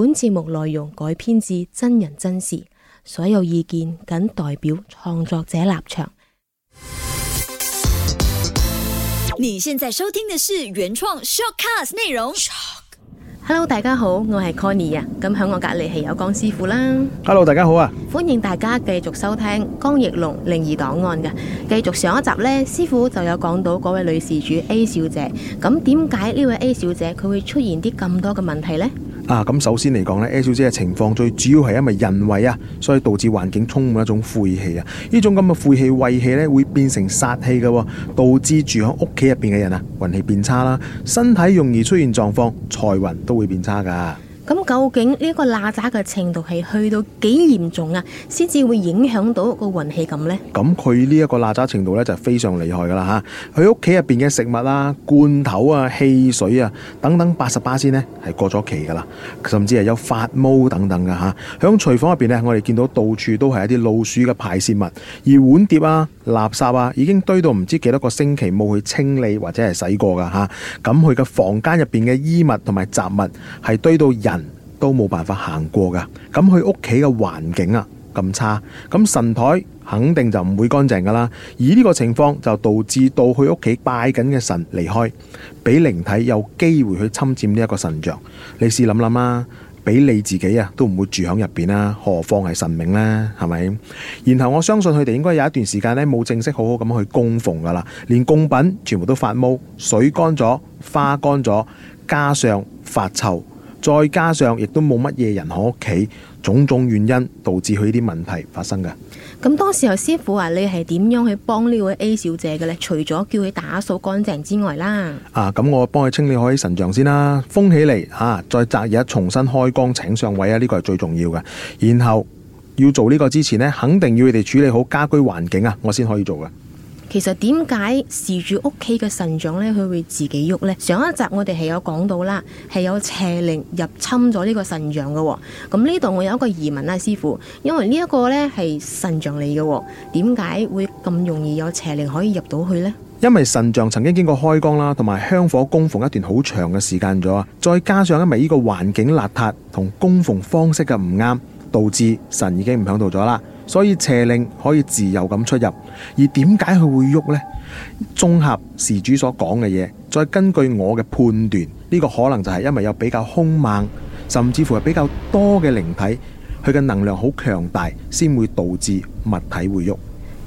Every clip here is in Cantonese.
本節目內容改編自真人真事，所有意見僅代表創作者立場。你現在收聽的是原創 s h o w c a s t 內容。Hello，大家好，我係 Connie 啊。咁響我隔籬係有江師傅啦。Hello，大家好啊！歡迎大家繼續收聽《江奕龍靈異檔案》噶。繼續上一集呢，師傅就有講到嗰位女事主 A 小姐。咁點解呢位 A 小姐佢會出現啲咁多嘅問題呢？啊，咁首先嚟講呢 A 小姐嘅情況最主要係因為人為啊，所以導致環境充滿一種晦氣啊。呢種咁嘅晦氣、晦氣呢，會變成煞氣嘅，導致住喺屋企入邊嘅人啊，運氣變差啦，身體容易出現狀況，財運都會變差噶。咁究竟呢一個邋遢嘅程度係去到幾嚴重啊？先至會影響到個運氣咁呢？咁佢呢一個邋遢程度呢，就是、非常厲害噶啦嚇！佢屋企入邊嘅食物啊、罐頭啊、汽水啊等等八十巴仙呢係過咗期噶啦，甚至係有發毛等等噶嚇、啊。響廚房入邊呢，我哋見到到處都係一啲老鼠嘅排泄物，而碗碟啊、垃圾啊已經堆到唔知幾多個星期冇去清理或者係洗過噶嚇、啊。咁佢嘅房間入邊嘅衣物同埋雜物係堆到人，都冇辦法行過噶，咁佢屋企嘅環境啊咁差，咁神台肯定就唔會乾淨噶啦，而呢個情況就導致到佢屋企拜緊嘅神離開，俾靈體有機會去侵佔呢一個神像。你試諗諗啊，俾你自己啊都唔會住響入邊啦，何況係神明呢，係咪？然後我相信佢哋應該有一段時間呢冇正式好好咁去供奉噶啦，連供品全部都發毛，水乾咗，花乾咗，加上發臭。再加上亦都冇乜嘢人喺屋企，種種原因導致佢啲問題發生嘅。咁當時候師傅話、啊、你係點樣去幫呢位 A 小姐嘅呢？除咗叫佢打掃乾淨之外啦，啊，咁我幫佢清理好啲神像先啦，封起嚟吓、啊，再擇日重新開光請上位啊！呢個係最重要嘅。然後要做呢個之前呢，肯定要佢哋處理好家居環境啊，我先可以做嘅。其實點解事主屋企嘅神像咧，佢會自己喐呢？上一集我哋係有講到啦，係有邪靈入侵咗呢個神像嘅喎、哦。咁呢度我有一個疑問啦、啊，師傅，因為呢一個呢係神像嚟嘅喎，點解會咁容易有邪靈可以入到去呢？因為神像曾經經過開光啦，同埋香火供奉一段好長嘅時間咗啊，再加上因為呢個環境邋遢同供奉方式嘅唔啱，導致神已經唔響度咗啦。所以邪靈可以自由咁出入，而點解佢會喐呢？綜合事主所講嘅嘢，再根據我嘅判斷，呢個可能就係因為有比較凶猛，甚至乎係比較多嘅靈體，佢嘅能量好強大，先會導致物體會喐。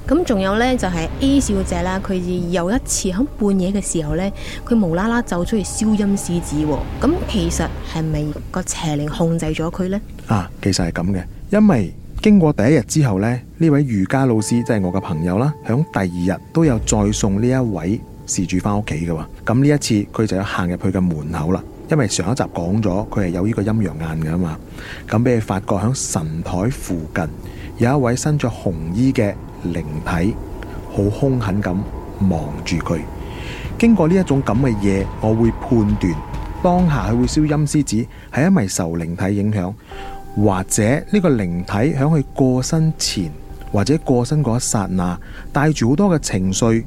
咁仲有呢，就係 A 小姐啦，佢又一次喺半夜嘅時候呢，佢無啦啦走出嚟燒陰司紙。咁其實係咪個邪靈控制咗佢呢？啊，其實係咁嘅，因為。經過第一日之後呢，呢位瑜伽老師即係、就是、我嘅朋友啦，響第二日都有再送呢一位事主返屋企嘅。咁呢一次佢就要行入去嘅門口啦，因為上一集講咗佢係有呢個陰陽眼嘅嘛。咁俾佢發覺響神台附近有一位身着紅衣嘅靈體，好凶狠咁望住佢。經過呢一種咁嘅嘢，我會判斷當下佢會燒陰司紙，係因為受靈體影響。或者呢個靈體響佢過身前，或者過身嗰一剎那，帶住好多嘅情緒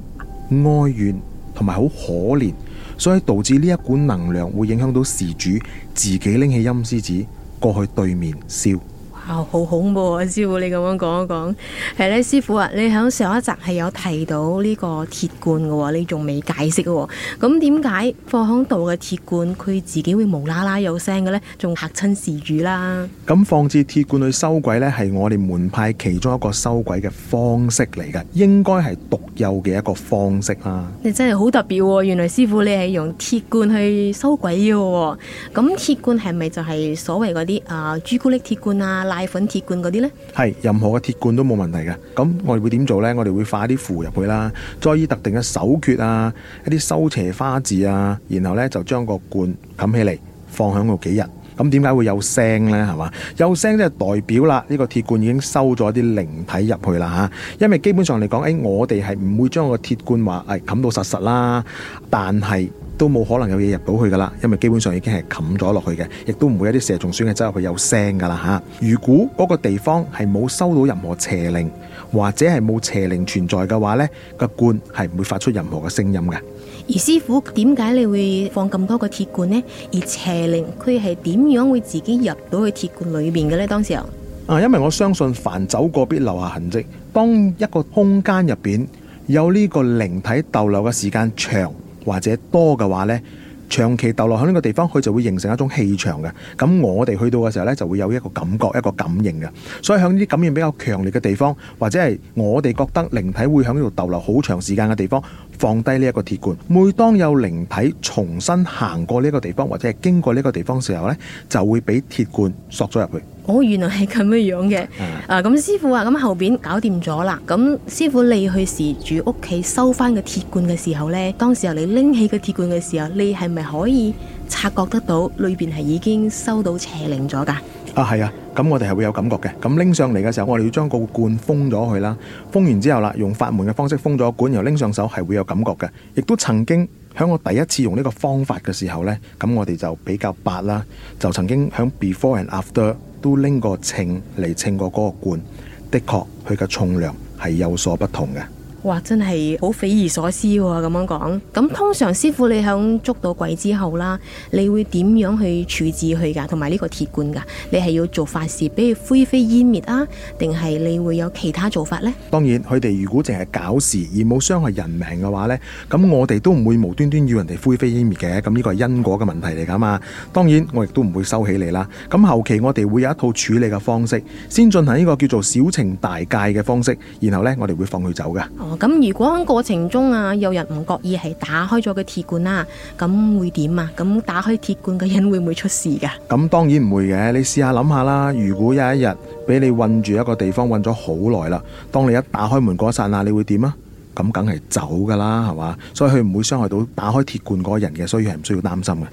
哀怨同埋好可憐，所以導致呢一股能量會影響到事主自己拎起陰司紙過去對面燒。好、哦、恐怖！師傅你咁樣講一講，係咧，師傅啊，你喺上一集係有提到呢個鐵罐嘅喎，你仲未解釋喎。咁點解放倉度嘅鐵罐佢自己會無啦啦有聲嘅呢？仲嚇親事主啦！咁放置鐵罐去收鬼呢，係我哋門派其中一個收鬼嘅方式嚟㗎，應該係獨有嘅一個方式啦、啊。你真係好特別喎、啊！原來師傅你係用鐵罐去收鬼嘅喎。咁鐵罐係咪就係所謂嗰啲啊朱古力鐵罐啊？奶粉鐵罐嗰啲呢？係任何嘅鐵罐都冇問題嘅。咁我哋會點做呢？我哋會化啲符入去啦，再以特定嘅手訣啊，一啲收邪花字啊，然後呢，就將個罐冚起嚟，放響度幾日。咁點解會有聲呢？係嘛，有聲呢就代表啦，呢、這個鐵罐已經收咗啲靈體入去啦嚇。因為基本上嚟講，誒、哎、我哋係唔會將個鐵罐話係冚到實實啦，但係，都冇可能有嘢入到去噶啦，因為基本上已經係冚咗落去嘅，亦都唔會有啲蛇蟲鼠嘅走入去有聲噶啦吓。如果嗰個地方係冇收到任何邪靈，或者係冇邪靈存在嘅話，呢個罐係唔會發出任何嘅聲音嘅。而師傅，點解你會放咁多個鐵罐呢？而邪靈佢係點樣會自己入到去鐵罐裏面嘅呢？當時有啊，因為我相信凡走過必留下痕跡，當一個空間入邊有呢個靈體逗留嘅時間長或者多嘅話呢，長期逗留喺呢個地方，佢就會形成一種氣場嘅。咁我哋去到嘅時候呢，就會有一個感覺、一個感應嘅。所以喺呢啲感應比較強烈嘅地方，或者係我哋覺得靈體會喺呢度逗留好長時間嘅地方。放低呢一個鐵罐，每當有靈體重新行過呢個地方或者係經過呢個地方時候呢，就會俾鐵罐索咗入去。哦，原來係咁樣樣嘅。啊，咁、啊、師傅啊，咁後邊搞掂咗啦。咁師傅你去事主屋企收翻個鐵罐嘅時候呢，當時候你拎起個鐵罐嘅時候，你係咪可以察覺得到裏邊係已經收到邪靈咗噶？啊，係啊。咁我哋係會有感覺嘅。咁拎上嚟嘅時候，我哋要將個罐封咗佢啦。封完之後啦，用法門嘅方式封咗罐，然後拎上手係會有感覺嘅。亦都曾經喺我第一次用呢個方法嘅時候呢，咁我哋就比較白啦。就曾經喺 before and after 都拎過稱嚟稱過嗰個罐，的確佢嘅重量係有所不同嘅。哇，真係好匪夷所思喎！咁樣講，咁通常師傅你響捉到鬼之後啦，你會點樣去處置佢噶？同埋呢個鐵罐噶，你係要做法事，比如灰飛煙滅啊，定係你會有其他做法呢？當然，佢哋如果淨係搞事而冇傷害人命嘅話呢，咁我哋都唔會無端端要人哋灰飛煙滅嘅。咁呢個係因果嘅問題嚟噶嘛？當然，我亦都唔會收起你啦。咁後期我哋會有一套處理嘅方式，先進行呢個叫做小懲大戒嘅方式，然後呢，我哋會放佢走噶。咁如果喺過程中啊，有人唔覺意係打開咗個鐵罐啦，咁會點啊？咁打開鐵罐嘅人會唔會出事噶？咁當然唔會嘅，你試下諗下啦。如果有一日俾你困住一個地方，困咗好耐啦，當你一打開門嗰剎那，你會點啊？咁梗係走噶啦，係嘛？所以佢唔會傷害到打開鐵罐嗰個人嘅，所以係唔需要擔心嘅。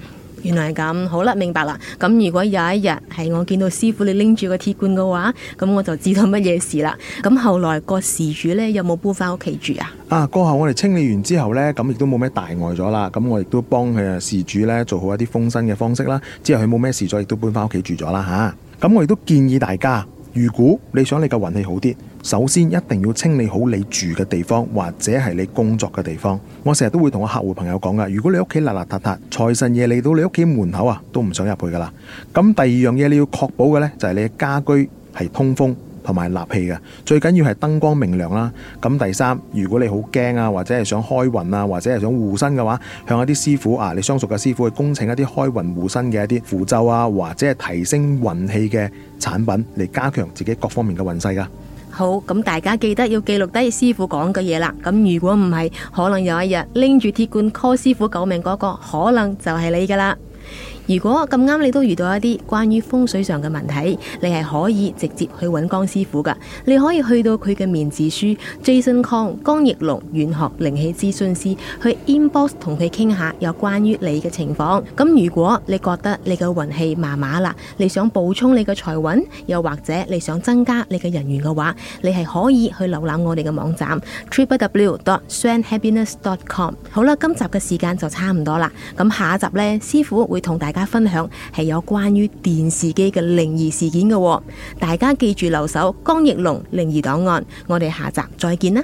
原來係咁，好啦，明白啦。咁如果有一日係我見到師傅你拎住個鐵罐嘅話，咁我就知道乜嘢事啦。咁後來個事主呢，有冇搬翻屋企住啊？啊，過後我哋清理完之後呢，咁亦都冇咩大礙咗啦。咁我亦都幫佢呀事主呢，做好一啲封身嘅方式啦。之後佢冇咩事咗，亦都搬翻屋企住咗啦吓，咁、啊、我亦都建議大家。如果你想你嘅運氣好啲，首先一定要清理好你住嘅地方或者係你工作嘅地方。我成日都會同我客戶朋友講噶，如果你屋企邋邋遢遢，財神爺嚟到你屋企門口啊，都唔想入去噶啦。咁第二樣嘢你要確保嘅呢，就係你嘅家居係通風。同埋納氣嘅，最緊要係燈光明亮啦。咁第三，如果你好驚啊，或者係想開運啊，或者係想護身嘅話，向一啲師傅啊，你相熟嘅師傅去恭請一啲開運護身嘅一啲符咒啊，或者係提升運氣嘅產品嚟加強自己各方面嘅運勢噶。好，咁大家記得要記錄低師傅講嘅嘢啦。咁如果唔係，可能有一日拎住鐵罐 call 師傅救命嗰個，可能就係你噶啦。如果咁啱你都遇到一啲關於風水上嘅問題，你係可以直接去揾江師傅噶。你可以去到佢嘅面子書 Jason Kong 江奕龍玄學靈氣諮詢師去 inbox 同佢傾下有關於你嘅情況。咁如果你覺得你嘅運氣麻麻啦，你想補充你嘅財運，又或者你想增加你嘅人緣嘅話，你係可以去瀏覽我哋嘅網站 www.sanhappiness.com。好啦，今集嘅時間就差唔多啦。咁下一集呢，師傅會同大。大家分享係有關於電視機嘅靈異事件嘅喎，大家記住留守江奕龍靈異檔案，我哋下集再見啦。